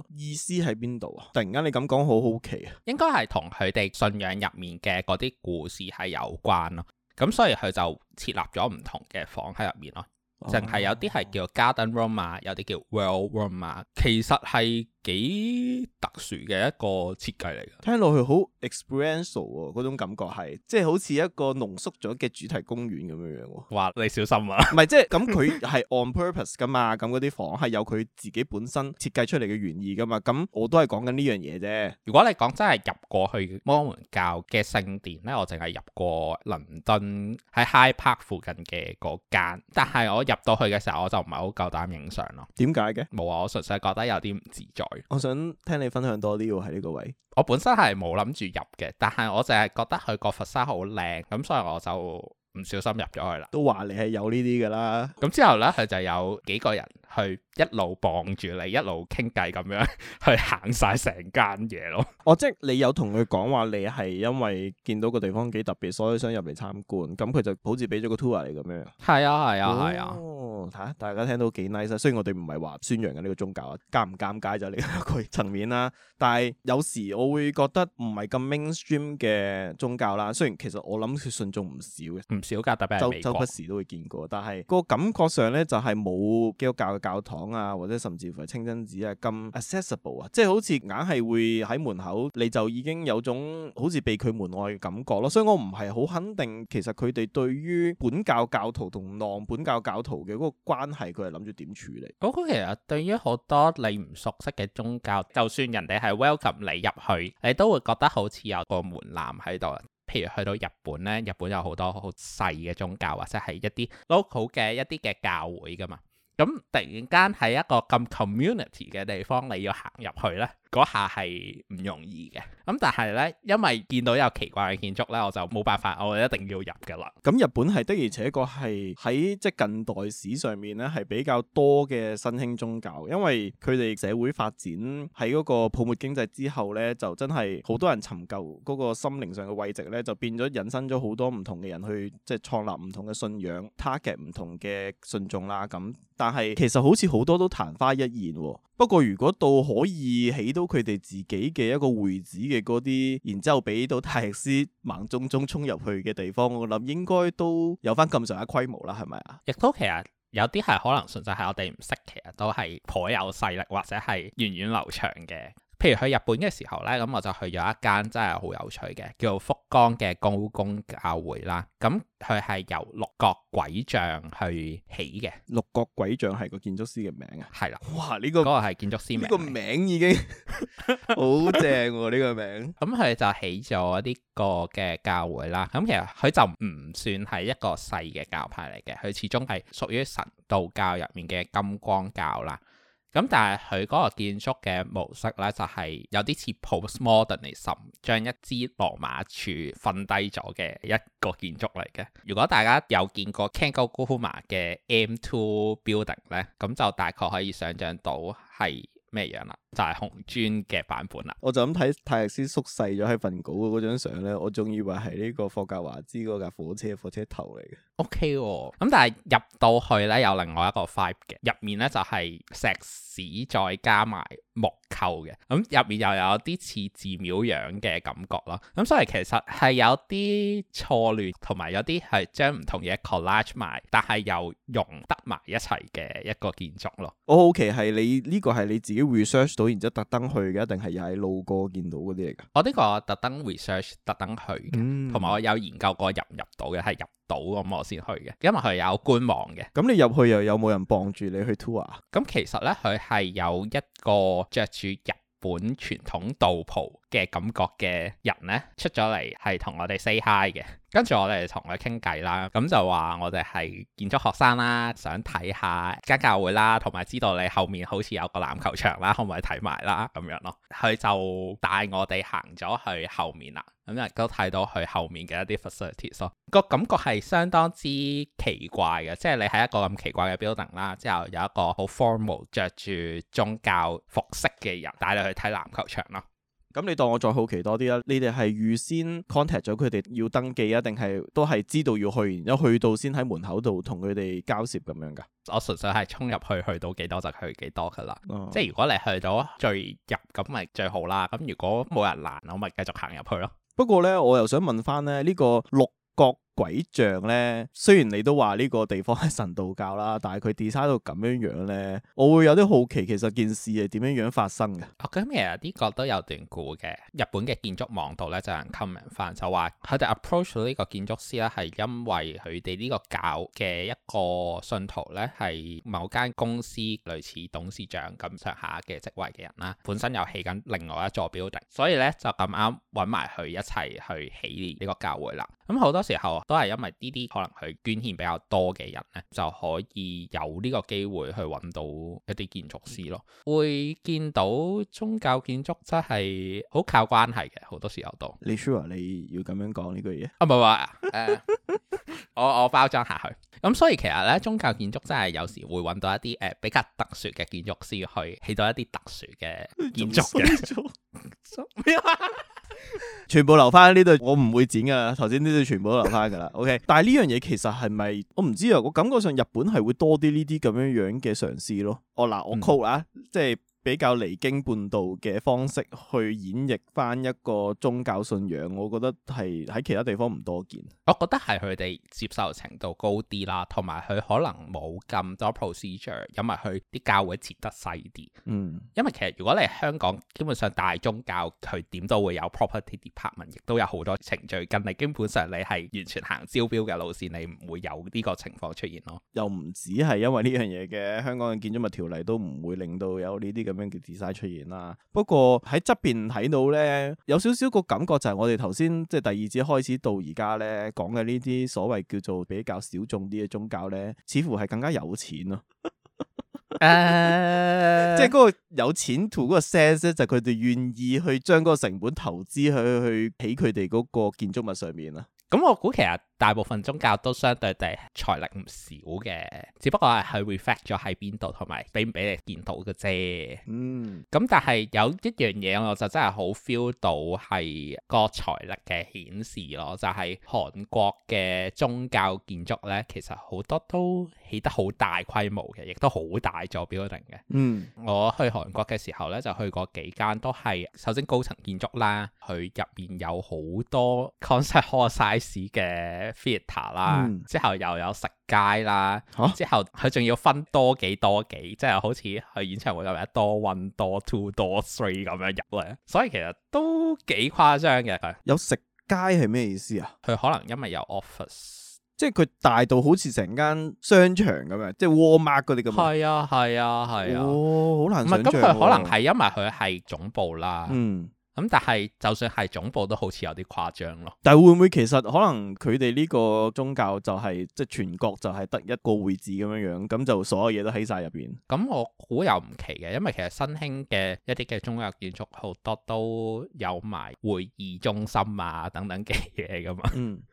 個意思喺邊度啊？突然間你咁講，好好奇啊！應該係同佢哋信仰入面嘅嗰啲故事係有關咯。咁所以佢就設立咗唔同嘅房喺入面咯，淨係有啲係叫 garden room 啊，有啲叫 world room 啊，其實係。幾特殊嘅一個設計嚟嘅，聽落去好 experiential 喎、啊，嗰種感覺係，即係好似一個濃縮咗嘅主題公園咁樣樣。哇，你小心啊！唔係，即係咁佢係 on purpose 噶嘛，咁嗰啲房係有佢自己本身設計出嚟嘅原意噶嘛，咁我都係講緊呢樣嘢啫。如果你講真係入過去摩門教嘅聖殿咧，我淨係入過倫敦喺 High Park 附近嘅嗰間，但係我入到去嘅時候，我就唔係好夠膽影相咯。點解嘅？冇啊，我純粹覺得有啲唔自在。我想聽你分享多啲喎，喺呢個位。我本身係冇諗住入嘅，但係我淨係覺得佢個佛山好靚，咁所以我就唔小心入咗去啦。都話你係有呢啲㗎啦。咁之後呢，佢就有幾個人。去一路傍住你，一路傾偈咁樣去行晒成間嘢咯。哦，即係你有同佢講話，你係因為見到個地方幾特別，所以想入嚟參觀。咁佢 就好似俾咗個 tour 嚟咁樣。係 啊，啊，啊、哦、啊，係啊，係啊。哦，睇下大家聽到幾 nice，啊。雖然我哋唔係話宣揚緊呢個宗教啊，尷唔尷尬就另一個層面啦，啊。但係有時我會覺得唔係咁 mainstream 嘅宗教啦。雖然其實我諗佢信眾唔少嘅，唔少㗎，特別係美，周不時都會見過，但係個感覺上咧就係冇基督教。教堂啊，或者甚至乎係清真寺啊，咁 accessible 啊，即係好似硬係會喺門口，你就已經有種好似被拒門外嘅感覺咯。所以我唔係好肯定，其實，佢哋對於本教教徒同浪本教教徒嘅嗰個關係，佢係諗住點處理？嗰個其實對於好多你唔熟悉嘅宗教，就算人哋係 welcome 你入去，你都會覺得好似有個門檻喺度。啊，譬如去到日本咧，日本有好多好細嘅宗教，或者係一啲 local 嘅一啲嘅教會噶嘛。咁突然間喺一個咁 community 嘅地方，你要行入去呢，嗰下係唔容易嘅。咁但係呢，因為見到有奇怪嘅建築呢，我就冇辦法，我一定要入㗎喇。咁日本係的而且確係喺即係近代史上面呢係比較多嘅新興宗教，因為佢哋社會發展喺嗰個泡沫經濟之後呢，就真係好多人尋求嗰個心靈上嘅慰藉呢，就變咗引申咗好多唔同嘅人去即係創立唔同嘅信仰，target 唔同嘅信眾啦，咁。但係其實好似好多都曇花一現喎、哦。不過如果到可以起到佢哋自己嘅一個會址嘅嗰啲，然之後俾到泰式師盲舂舂衝入去嘅地方，我諗應該都有翻咁上下規模啦，係咪啊？亦都其實有啲係可能純粹係我哋唔識，其實都係頗有勢力或者係源遠流長嘅。譬如去日本嘅時候咧，咁我就去咗一間真係好有趣嘅，叫做福岡嘅高公教會啦。咁佢係由六角鬼像去起嘅。六角鬼像係個建築師嘅名啊？係啦，哇！呢個係建築師名，呢個名已經好正喎。呢個名，咁佢就起咗呢個嘅教會啦。咁其實佢就唔算係一個細嘅教派嚟嘅，佢始終係屬於神道教入面嘅金光教啦。咁但係佢嗰個建築嘅模式咧，就係、是、有啲似 Postmodernism，將一支羅馬柱瞓低咗嘅一個建築嚟嘅。如果大家有見過 Kengo Kuma 嘅 M2 Building 咧，咁就大概可以想像到係咩樣啦。就係紅磚嘅版本啦。我就咁睇泰勒斯縮細咗喺份稿嗰張相咧，我仲以為係呢個霍格華茲嗰架火車火車頭嚟。嘅、okay 哦。O K 喎，咁但係入到去咧，有另外一個 five 嘅，入面咧就係、是、石屎再加埋木構嘅，咁、嗯、入面又有啲似寺廟樣嘅感覺咯。咁、嗯、所以其實係有啲錯亂，同埋有啲係將唔同嘢 collage 埋，但係又融得埋一齊嘅一個建築咯。我好奇係你呢、這個係你自己 research 到？然之後特登去嘅，一定係又係路過見到嗰啲嚟㗎？我呢個特登 research、特登去嘅，同埋我有研究過入唔入到嘅，係入到咁、嗯、我先去嘅，因為佢有官網嘅。咁、嗯、你入去又有冇人幫住你去 tour 啊、嗯？咁其實咧，佢係有一個着住日本傳統道袍，嘅感覺嘅人呢，出咗嚟，係同我哋 say hi 嘅，跟住我哋同佢傾偈啦，咁就話我哋係建築學生啦，想睇下間教會啦，同埋知道你後面好似有個籃球場啦，可唔可以睇埋啦咁樣咯？佢就帶我哋行咗去後面啦，咁亦都睇到佢後面嘅一啲 facility 咯。個感覺係相當之奇怪嘅，即係你喺一個咁奇怪嘅 building 啦，之後有一個好 formal 着住宗教服飾嘅人帶你去睇籃球場咯。咁你當我再好奇多啲啦，你哋係預先 contact 咗佢哋要登記啊？定係都係知道要去，然之後去到先喺門口度同佢哋交涉咁樣噶？我純粹係衝入去，去到幾多就去幾多噶啦。哦、即係如果你去到最入咁咪最好啦。咁如果冇人攔我咪繼續行入去咯。不過咧，我又想問翻咧呢、這個六角鬼像咧，雖然你都話呢個地方係神道教啦，但係佢 design 到咁樣樣咧，我會有啲好奇，其實件事係點樣樣發生嘅？咁其實呢個都有段故嘅，日本嘅建築網度咧就有人 comment 翻，就話佢哋 approach 到呢個建築師咧，係因為佢哋呢個教嘅一個信徒咧，係某間公司類似董事長咁上下嘅職位嘅人啦，本身又起緊另外一座 building，所以咧就咁啱揾埋佢一齊去起呢個教會啦。咁好多時候，都係因為呢啲可能佢捐獻比較多嘅人咧，就可以有呢個機會去揾到一啲建築師咯。會見到宗教建築真係好靠關係嘅，好多時候都。你 sure，啊，你要咁樣講呢句嘢？啊唔係話，誒、呃， 我我包裝下去。咁所以其實咧，宗教建築真係有時會揾到一啲誒、呃、比較特殊嘅建築師去起到一啲特殊嘅建築嘅。 全部留翻呢對，我唔會剪噶啦。頭先呢對全部都留翻噶啦。O、okay? K， 但係呢樣嘢其實係咪，我唔知啊？我感覺上日本係會多啲呢啲咁樣樣嘅嘗試咯。哦，嗱，我 call 啊，嗯、即係。比較離經叛道嘅方式去演繹翻一個宗教信仰，我覺得係喺其他地方唔多見。我覺得係佢哋接受程度高啲啦，同埋佢可能冇咁多 procedure，因為佢啲教會設得細啲。嗯，因為其實如果你係香港，基本上大宗教佢點都會有 property department，亦都有好多程序。咁你基本上你係完全行招標嘅路線，你唔會有呢個情況出現咯。又唔止係因為呢樣嘢嘅，香港嘅建築物條例都唔會令到有呢啲咁。咩叫 design 出現啦？不過喺側邊睇到咧，有少少個感覺就係我哋頭先即係第二節開始到而家咧，講嘅呢啲所謂叫做比較小眾啲嘅宗教咧，似乎係更加有錢咯。誒、 uh，即係嗰個有錢圖嗰個 sense 咧，就佢、是、哋願意去將嗰個成本投資去去起佢哋嗰個建築物上面啦。咁、嗯、我估其實。大部分宗教都相對地財力唔少嘅，只不過係佢 reflect 咗喺邊度，同埋俾唔俾你見到嘅啫。嗯，咁但係有一樣嘢我就真係好 feel 到係個財力嘅顯示咯，就係韓國嘅宗教建築咧，其實好多都起得好大規模嘅，亦都好大座 building 嘅。嗯，我去韓國嘅時候咧，就去過幾間都係首先高層建築啦，佢入面有好多 conceptual size 嘅。theatre 啦，Theater, 嗯、之後又有食街啦，啊、之後佢仲要分多幾多幾，即、就、係、是、好似去演唱會咁樣多 one 多 two 多 three 咁樣入嚟，所以其實都幾誇張嘅。有食街係咩意思啊？佢可能因為有 office，即係佢大到好似成間商場咁樣，即係 Walmart 嗰啲咁。係啊，係啊，係啊，好、哦、難想像。唔係咁，佢可能係因為佢係總部啦。嗯。咁但係就算係總部都好似有啲誇張咯。但會唔會其實可能佢哋呢個宗教就係、是、即係全國就係得一個會址咁樣樣，咁、嗯、就所有嘢都喺晒入邊。咁、嗯、我估又唔奇嘅，因為其實新興嘅一啲嘅宗教建築好多都有埋會議中心啊等等嘅嘢噶嘛。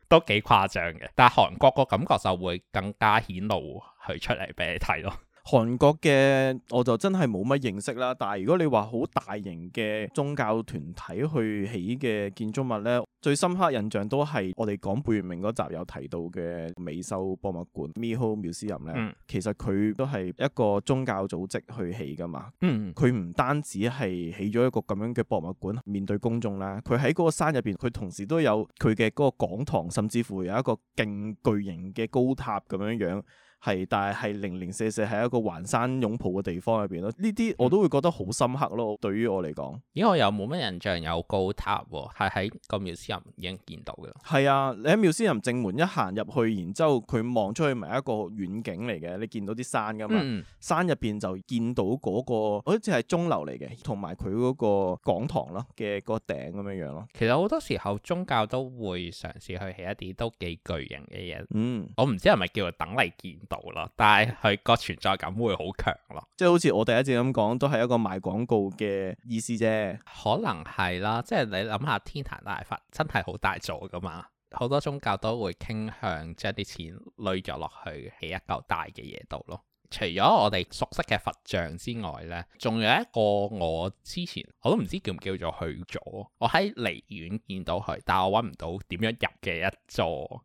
都幾誇張嘅。但係韓國個感覺就會更加顯露佢出嚟俾你睇咯。韓國嘅我就真係冇乜認識啦，但係如果你話好大型嘅宗教團體去起嘅建築物呢，最深刻印象都係我哋講貝聿銘嗰集有提到嘅美秀博物館 （Miho Museum） 呢，嗯，其實佢都係一個宗教組織去起噶嘛。嗯，佢唔單止係起咗一個咁樣嘅博物館面對公眾啦，佢喺嗰個山入邊，佢同時都有佢嘅嗰個講堂，甚至乎有一個勁巨型嘅高塔咁樣樣。係，但係係零零四四係一個環山擁抱嘅地方入邊咯。呢啲我都會覺得好深刻咯，嗯、對於我嚟講。咦？我又冇乜印象有高塔喎、啊，係喺個妙仙林已經見到嘅。係啊，你喺妙仙林正門一行入去，然之後佢望出去咪一個遠景嚟嘅，你見到啲山㗎嘛？嗯嗯，山入邊就見到嗰、嗰個好似係鐘樓嚟嘅，同埋佢嗰個講堂咯嘅個頂咁樣樣咯。其實好多時候宗教都會嘗試去起一啲都幾巨型嘅嘢。嗯，我唔知係咪叫做等嚟見。到啦，但係佢個存在感會好強咯，即係好似我第一次咁講，都係一個賣廣告嘅意思啫，可能係啦，即係你諗下天壇大佛真係好大座噶嘛，好多宗教都會傾向將啲錢累咗落去起一嚿大嘅嘢度咯。除咗我哋熟悉嘅佛像之外呢，仲有一個我之前我都唔知叫唔叫做去咗，我喺離遠見到佢，但我揾唔到點樣入嘅一座。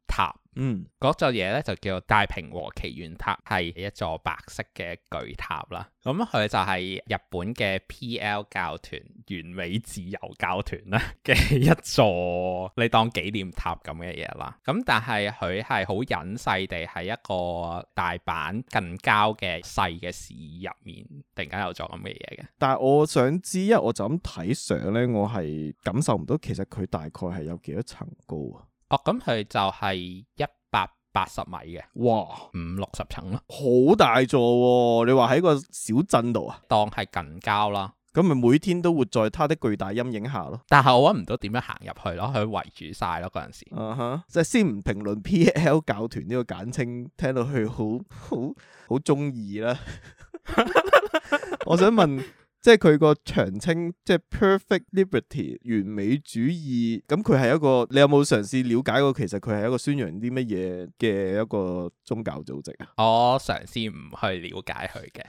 嗯，嗰座嘢咧就叫大平和祈願塔，係一座白色嘅巨塔啦。咁、嗯、佢就係日本嘅 PL 教團完美自由教團啦嘅一座，你當紀念塔咁嘅嘢啦。咁、嗯、但係佢係好隱世地，喺一個大阪近郊嘅細嘅市入面，突然間有座咁嘅嘢嘅。但係我想知，因為我就咁睇相呢，我係感受唔到，其實佢大概係有幾多層高啊？哦，咁、嗯、佢就係一百八十米嘅。哇，五六十層咯，好大座，你話喺個小鎮度啊，當係近郊啦，咁咪每天都活在他的巨大陰影下咯。但係我搵唔到點樣行入去咯，佢圍住晒咯嗰陣時。嗯哼、uh，huh. 即係先唔評論 PL 教團呢個簡稱，聽到佢好好好中意啦。我想問。即係佢個長稱，即係 Perfect Liberty 完美主義，咁佢係一個，你有冇嘗試了解過？其實佢係一個宣揚啲乜嘢嘅一個宗教組織啊？ 我嘗試唔去了解佢嘅，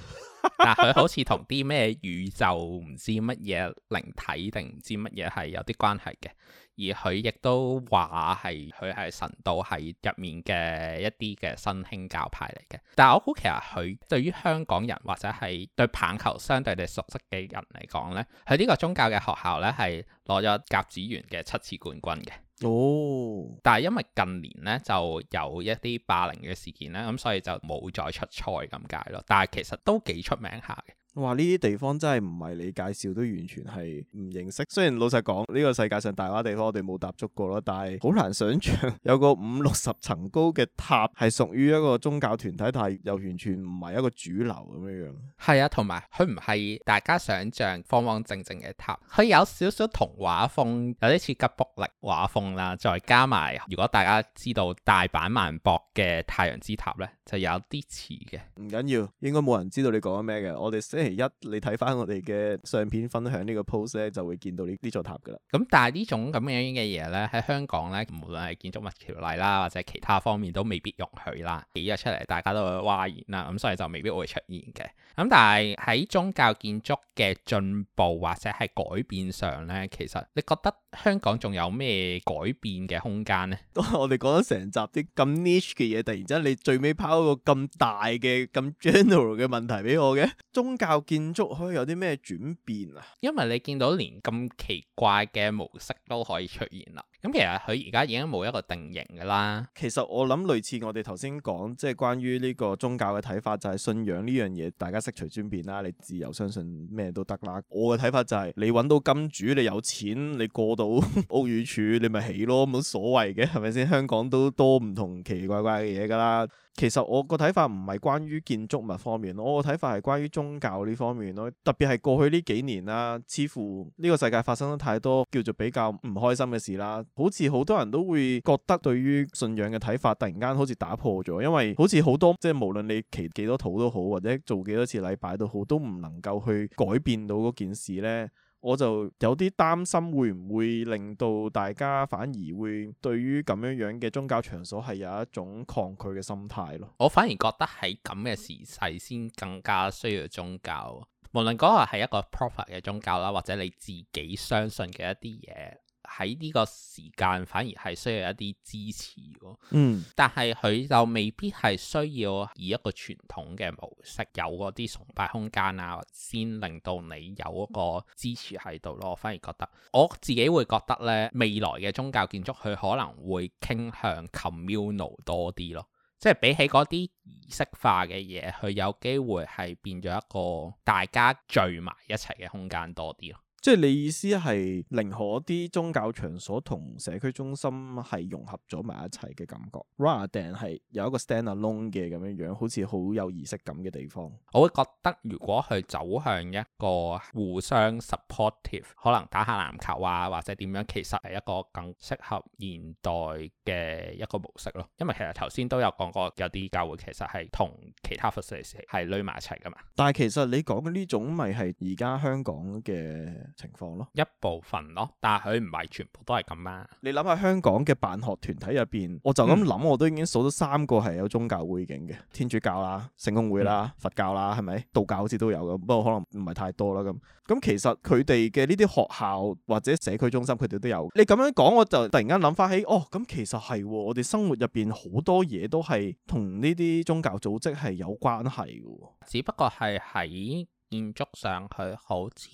但係佢好似同啲咩宇宙唔知乜嘢靈體定唔知乜嘢係有啲關係嘅。而佢亦都話係佢係神道係入面嘅一啲嘅新興教派嚟嘅，但係我估其實佢對於香港人或者係對棒球相對地熟悉嘅人嚟講呢，佢呢個宗教嘅學校呢係攞咗甲子園嘅七次冠軍嘅。哦，但係因為近年呢就有一啲霸凌嘅事件呢，咁所以就冇再出賽咁解咯。但係其實都幾出名下嘅。哇！呢啲地方真係唔係你介紹都完全係唔認識。雖然老實講，呢個世界上大把地方我哋冇踏足過咯，但係好難想象有個五六十層高嘅塔係屬於一個宗教團體，但係又完全唔係一個主流咁樣樣。係啊，同埋佢唔係大家想象方方正正嘅塔，佢有少少童話風，有啲似吉卜力畫風啦。再加埋，如果大家知道大阪萬博嘅太陽之塔咧。就有啲似嘅，唔緊要，應該冇人知道你講緊咩嘅。我哋星期一你睇翻我哋嘅相片分享個呢個 post 咧，就會見到呢，呢座塔噶啦。咁但係呢種咁樣嘅嘢咧，喺香港咧，無論係建築物條例啦，或者其他方面都未必容許啦。幾日出嚟，大家都會嘩然啦，咁所以就未必會出現嘅。咁但係喺宗教建築嘅進步或者係改變上咧，其實你覺得香港仲有咩改變嘅空間咧？都係 我哋講咗成集啲咁 niche 嘅嘢，突然之間你最尾拋。一個咁大嘅咁 general 嘅問題俾我嘅宗教建築可以有啲咩轉變啊？因為你見到連咁奇怪嘅模式都可以出現啦。咁其實佢而家已經冇一個定型噶啦。其實我諗類似我哋頭先講，即係關於呢個宗教嘅睇法，就係信仰呢樣嘢，大家悉隨尊便啦，你自由相信咩都得啦。我嘅睇法就係、是、你揾到金主，你有錢，你過到屋宇署，你咪起咯，冇所謂嘅，係咪先？香港都多唔同奇奇怪怪嘅嘢噶啦。其實我個睇法唔係關於建築物方面，我個睇法係關於宗教呢方面咯。特別係過去呢幾年啦，似乎呢個世界發生咗太多叫做比較唔開心嘅事啦。好似好多人都會覺得對於信仰嘅睇法突然間好似打破咗，因為好似好多，即係無論你祈幾多土都好，或者做幾多次禮拜都好，都唔能夠去改變到嗰件事呢。我就有啲擔心會唔會令到大家反而會對於咁樣樣嘅宗教場所係有一種抗拒嘅心態咯。我反而覺得喺咁嘅時勢先更加需要宗教，無論嗰個係一個 proper 嘅宗教啦，或者你自己相信嘅一啲嘢。喺呢個時間反而係需要一啲支持喎，嗯，但係佢就未必係需要以一個傳統嘅模式有嗰啲崇拜空間啊，先令到你有一個支持喺度咯。我反而覺得我自己會覺得咧，未來嘅宗教建築佢可能會傾向 communal 多啲咯，即係比起嗰啲儀式化嘅嘢，佢有機會係變咗一個大家聚埋一齊嘅空間多啲咯。即係你意思係，寧可啲宗教場所同社區中心係融合咗埋一齊嘅感覺，rather than 係有一個 standalone 嘅咁樣樣，好似好有儀式感嘅地方。我會覺得，如果去走向一個互相 supportive，可能打下籃球啊或者點樣，其實係一個更適合現代嘅一個模式咯。因為其實頭先都有講過，有啲教會其實係同其他 facility 係堆埋一齊噶嘛。但係其實你講嘅呢種咪係而家香港嘅情況咯，一部分咯，但係佢唔係全部都係咁啊！你諗下香港嘅辦學團體入邊，我就咁諗，嗯、我都已經數咗三個係有宗教背景嘅，天主教啦、聖公會啦、佛教啦，係咪？道教好似都有咁，不過可能唔係太多啦。咁咁，其實佢哋嘅呢啲學校或者社區中心，佢哋都有。你咁樣講，我就突然間諗翻起，哦，咁其實係、啊、我哋生活入邊好多嘢都係同呢啲宗教組織係有關係嘅。只不過係喺。建築上佢好似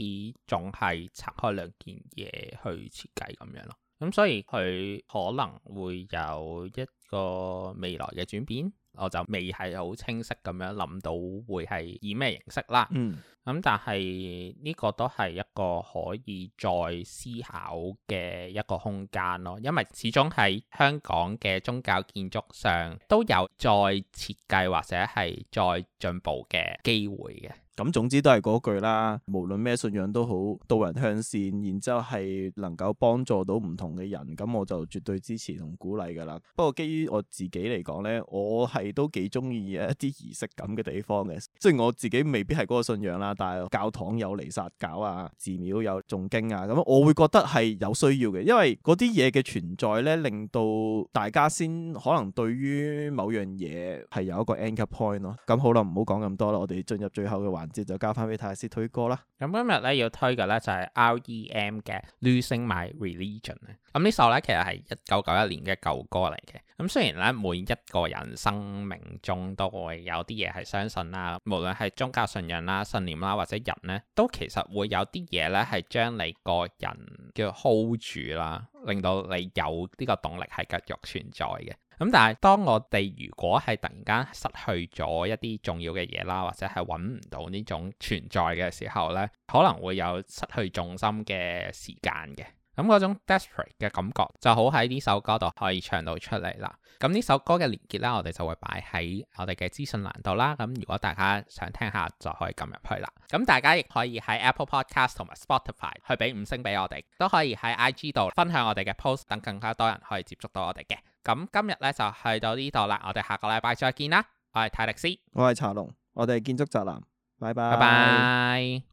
仲係拆開兩件嘢去設計咁樣咯，咁、嗯、所以佢可能會有一個未來嘅轉變，我就未係好清晰咁樣諗到會係以咩形式啦。嗯，咁、嗯、但係呢個都係一個可以再思考嘅一個空間咯，因為始終喺香港嘅宗教建築上都有再設計或者係再進步嘅機會嘅。咁總之都係嗰句啦，無論咩信仰都好，導人向善，然之後係能夠幫助到唔同嘅人，咁我就絕對支持同鼓勵㗎啦。不過基於我自己嚟講咧，我係都幾中意一啲儀式感嘅地方嘅，即係我自己未必係嗰個信仰啦，但係教堂有彌撒搞啊，寺廟有誦經啊，咁我會覺得係有需要嘅，因為嗰啲嘢嘅存在咧，令到大家先可能對於某樣嘢係有一個 anchor point 咯。咁好啦，唔好講咁多啦，我哋進入最後嘅環。接就交翻俾泰斯推歌啦。咁今日咧要推嘅咧就係、是、R.E.M. 嘅《Losing My Religion》。咁、嗯、呢首咧其實係一九九一年嘅舊歌嚟嘅。咁、嗯、雖然咧每一個人生命中都會有啲嘢係相信啦，無論係宗教信仰啦、信念啦，或者人咧，都其實會有啲嘢咧係將你個人叫 hold 住啦，令到你有呢個動力係繼續存在嘅。咁但係，當我哋如果係突然間失去咗一啲重要嘅嘢啦，或者係揾唔到呢種存在嘅時候呢，可能會有失去重心嘅時間嘅。咁嗰種 desperate 嘅感覺，就好喺呢首歌度可以唱到出嚟啦。咁呢首歌嘅連結啦，我哋就會擺喺我哋嘅資訊欄度啦。咁如果大家想聽下，就可以撳入去啦。咁大家亦可以喺 Apple Podcast 同埋 Spotify 去俾五星俾我哋，都可以喺 IG 度分享我哋嘅 post，等更加多人可以接觸到我哋嘅。咁今日咧就去到呢度啦，我哋下個禮拜再見啦。我係泰迪斯，我係茶龍，我哋建築宅男，拜拜拜拜。拜拜。